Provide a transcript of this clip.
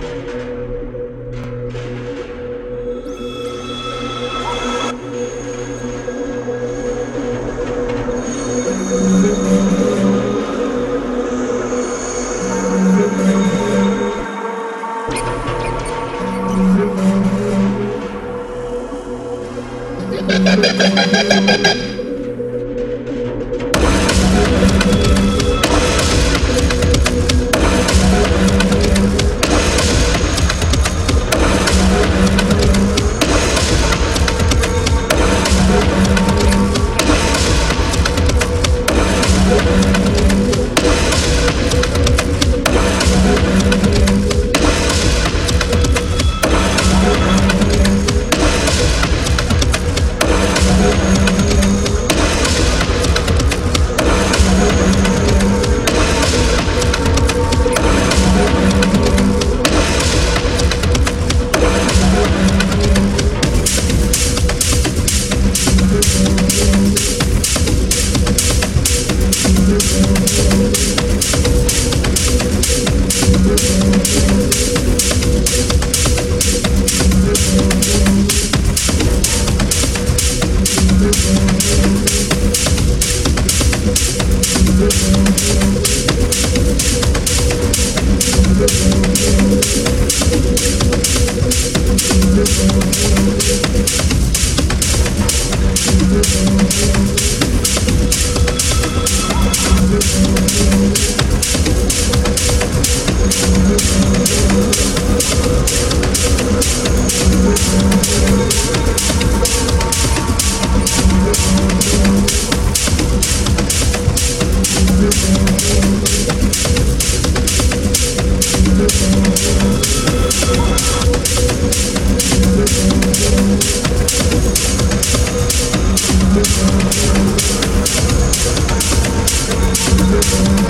Thank you. Thank